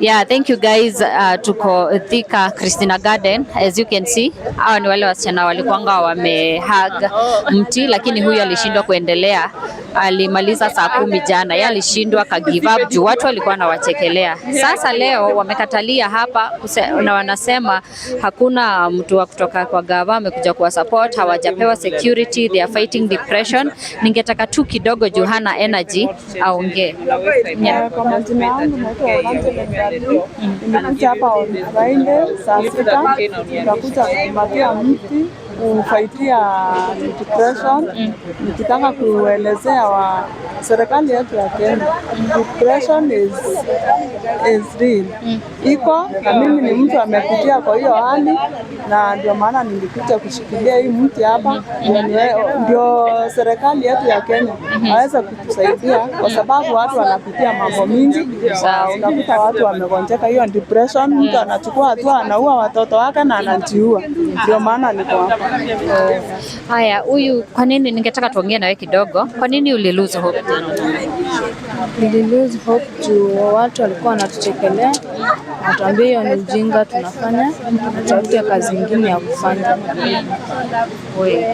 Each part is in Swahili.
Yeah, thank you guys. Uh, tuko Thika Christina Garden as you can see. Hawa ni wale wasichana walikuanga wamehag mti lakini huyu alishindwa kuendelea alimaliza saa kumi jana, yeye alishindwa ka give up juu watu walikuwa anawachekelea Sasa leo wamekatalia hapa na wanasema hakuna mtu wa kutoka kwa gava amekuja kuwa support, hawajapewa security, they are fighting depression. Ningetaka tu kidogo juu hana energy aongee. Yeah kufaitia depression, mm. nikitaka kuelezea wa serikali yetu ya Kenya depression is, is real Iko na mimi ni mtu amepitia kwa hiyo hali, na ndio maana nilikuja kushikilia hii mti hapa ndio serikali yetu ya Kenya aweze kutusaidia kwa sababu watu wanapitia mambo mingi, unakuta watu wamegonjeka, hiyo depression, mtu anachukua hatua anaua watoto wake na anajiua. Ndio maana niko hapa. Haya, huyu kwa nini, ningetaka tuongee nawe kidogo, kwa nini ulilose hope? nililose hope juu watu walikuwa wanatuchekelea, natuambia hiyo ni ujinga tunafanya, tutafute kazi ingine ya kufanya.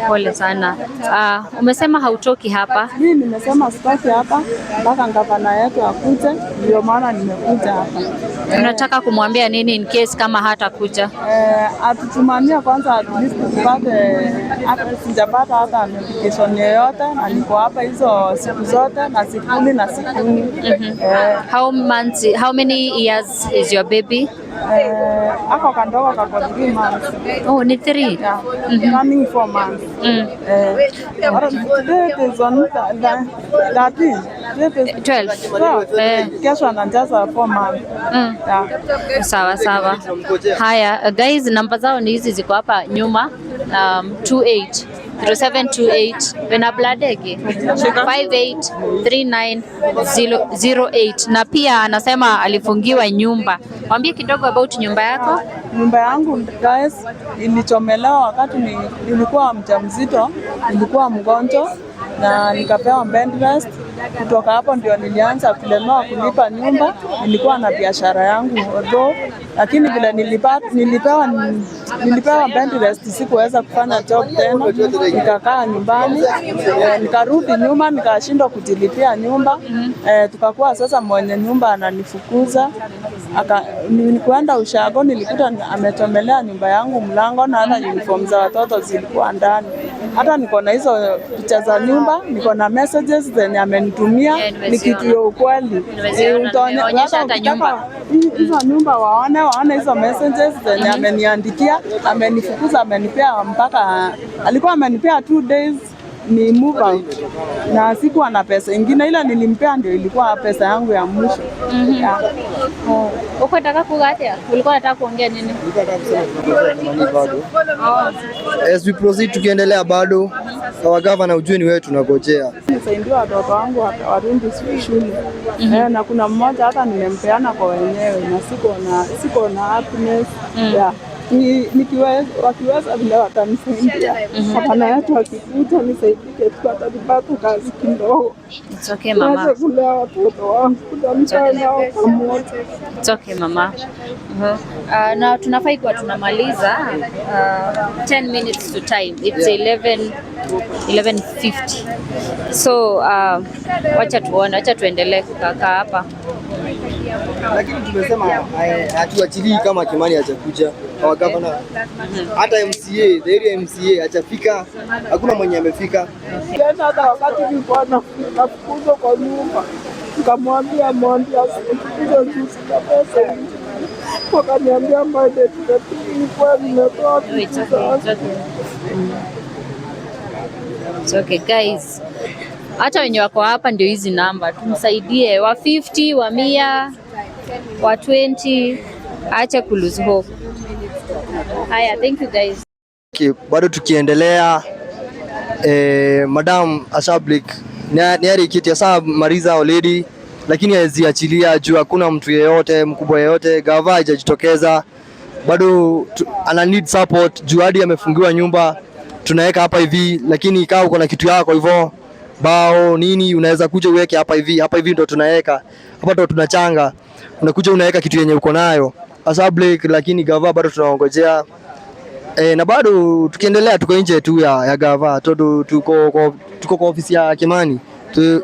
Pole sana. Uh, umesema hautoki hapa? Mimi nimesema sitaki hapa mpaka gavana yetu akute, ndio maana nimekuja hapa. Unataka kumwambia nini in case kama hatakuja? Eh, atutumamia kwanza, at least tupate. Sijapata hata notification yoyote, na niko hapa hizo siku zote na sikuni na sikuni. mm -hmm. Eh, how months, how many years is your baby? Uh, ako kandoka kakwa three months. Oh, ni three? Yeah. Mm -hmm. Coming four months. Mm. Uh, date is on thirteen. Twelve. Eh. Kesho anajaza four months. Mm. Sawa sawa. Haya, guys, namba zao ni hizi ziko hapa nyuma, um, 28 0728 Venabladege 583908 na pia anasema alifungiwa nyumba. Mwambie kidogo about nyumba yako. Nyumba yangu guys, ilichomelewa wakati nilikuwa mjamzito, nilikuwa mgonjwa na nikapewa bed rest kutoka hapo ndio nilianza kulemewa kulipa nyumba. Nilikuwa na biashara yangu although, lakini vile nilipa, nilipewa nilipewa bed rest, sikuweza kufanya job tena, nikakaa nyumbani e, nikarudi nyuma, nikashindwa kujilipia nyumba e, tukakuwa sasa, mwenye nyumba ananifukuza aka, nikuenda ushago, nilikuta ametomelea nyumba yangu mlango na hata uniform za watoto zilikuwa ndani hata niko na hizo picha za nyumba, niko na messages zenye amenitumia. Ni kitu ya ukweli, eh, hizo nyumba waone, waone hizo messages zenye mhm. ameniandikia. Amenifukuza, amenipea mpaka, alikuwa amenipea two days ni move out na sikuwa na pesa ingine, ila nilimpea ndio ilikuwa pesa yangu ya mwisho. Mhm. Oh. Uko nataka ulikuwa nataka kuongea nini? Eh, as we proceed tukiendelea bado kwa gavana, ujue ni wewe tunagojea. Nisaidie watoto wangu warudi shule. mm -hmm. na kuna mmoja hata nimempeana kwa wenyewe na siko na siko na happiness. mm -hmm. yeah wakiweza vile watanisaidia. Hapana yetu wakikuta nisaidike tupata vipatu kazi kidogo weze kulea watoto wangu kutamchaa nao pamoja. Toke mama. Uh-huh. uh na tunafai kuwa tunamaliza uh, 10 minutes to time. It's 11 11:50. So uh, wacha tuone, wacha tuendelee kukaa hapa, lakini tumesema eh, hatuachilii kama Kimani hajakuja our governor hata MCA, the area MCA hajafika, hakuna mwenye amefika. Tena hata wakati nilikuwa nafukuzwa kwa nyumba, nikamwambia mwambia hizo juzi za pesa wakaniambia ilikuwa nimetoa Okay guys, hata wenye wako hapa ndio hizi namba, tumsaidie wa 50 wa 100, wa 20, acha kuluzi hope. Haya, thank you guys. Okay, Bado tukiendelea eh, Madam Ashablik Nyeri kiti asa mariza already, lakini haziachilia juu hakuna mtu yeyote mkubwa yeyote, gava hajajitokeza bado tu, ana need support juu hadi amefungiwa nyumba, tunaweka hapa hivi, lakini ikawa uko na kitu yako hivyo bao nini, unaweza kuja uweke hapa hivi hapa hivi, ndo tunaweka hapa, ndo tunachanga, unakuja unaweka kitu yenye uko nayo Ashablik, lakini gava bado tunaongojea. E, na bado tukiendelea tuko nje tu ya, ya gava tuko, tuko kwa ofisi ya Kimani tu,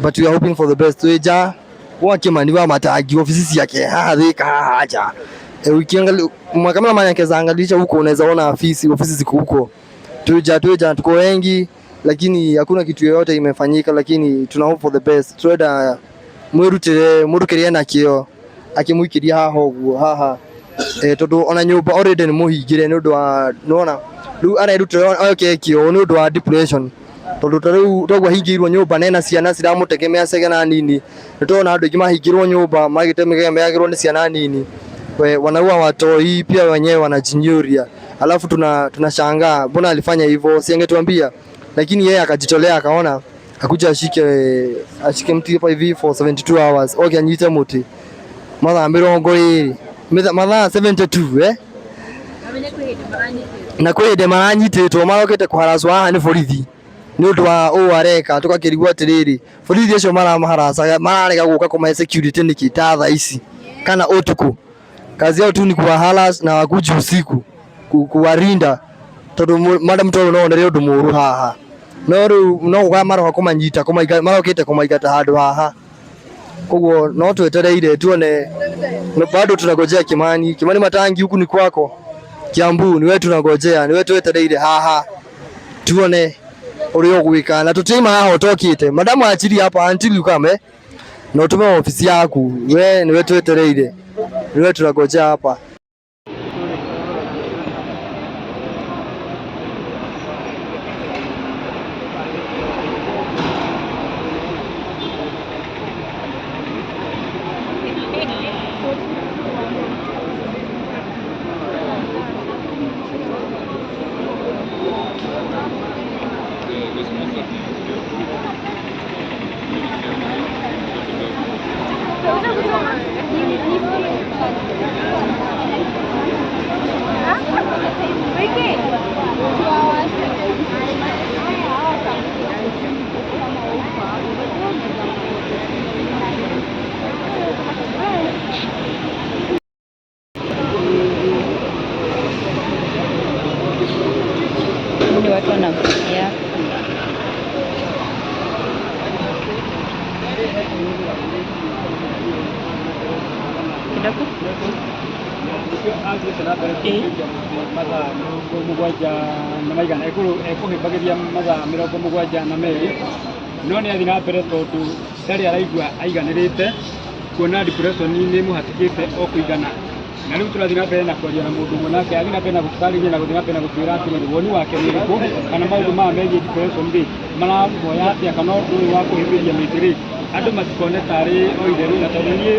but we are hoping for the best tuja kwa Kimani wa matagi ofisi yake hathika haja e, eh, ukiangalia makamera manekeza angalisha huko unaweza ona ofisi ofisi ziko huko tu tu tuja tuko wengi lakini hakuna kitu yoyote imefanyika, lakini tuna hope for the best twenda mwirutire murukiriana kio akimwikiria haho guo haha Eh, tondu ona nyumba already ni muhingire ni undu wa nona riu arerutira oke uu ni undu wa depression tondu ta riu toguo ahingirwo nyumba nena ciana ciramutegemea ciana nini ni tona andu aingi mahingirwo nyumba magitegemeagirwo ni ciana nini wanaua watoi pia wenyewe wanajinyuria alafu tuna tunashangaa mbona alifanya hivyo siangetuambia lakini yeye akajitolea akaona akuja ashike ashike mti hapa hivi for 72 hours oke anyite muti mathaa mirongo ĩrĩ mathaa 72 eh na kwä hä ndä maranyitä two marokä te kå haracwo haha nä borithi nä å ndå wa å areka tå kakä rigwo atä rä rä borithi acio maramaharacaga mararega gå ka kå mahe nä kä ta tha ici kana å tukå kazi yao tu ni kuwahalas na wakuja usiku kuwarinda tondu madam toro no onere undu muru haha no riu no gukamara kumanyita kumaika marokite kumaika ta handu haha Koguo no twetereire tuone, bado tunagojea Kimani. Kimani Matangi, huku ni kwako Kiambu, niwe tunagojea, niwe twetereire haha tuone uria ugwika na tutima haha utokite madamu achiri hapa until you come na utume ofisi yaku, we niwe ni wetu tunagojea hapa. kweli watu wanavutia. mirongo eh. mugwanja na maigana ekuhibagiria eh, mathaa mirongo mugwanja na meri no ni athi na mbere tondu ndari araigua aiganirite kuona depression ni muhatikite o kuigana na rä u tå rathiä na mbere na kwaria na må ndå må nake athiä na mbere na gå tarä na gå thiä na mbere na gå ra atä woni wake nä rä kå kana maå ndå maya megiä rä marahoya atä a kana å yå wa kå hä mbä ria mä tä rä andå matikone tarä o itherå na tondå niä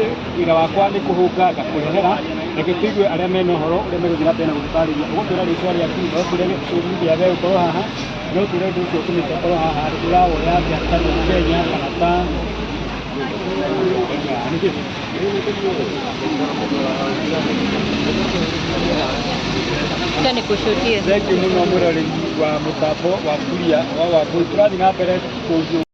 wä wakwa nä kå hå nganga rehera reke tå igue arä a mena å horo å rä a megå thiä na mbere na gå tå tarä ria gå twä ra rä twa rä aku no tå re tå rä rä gå korwo haha no re ndå å cio tå mä korwo haha rä rawoya atä a kenya kana ta Ita ni kushutia. Zeki mwamura wa mutapo wa kulia wa wa kutradi na pere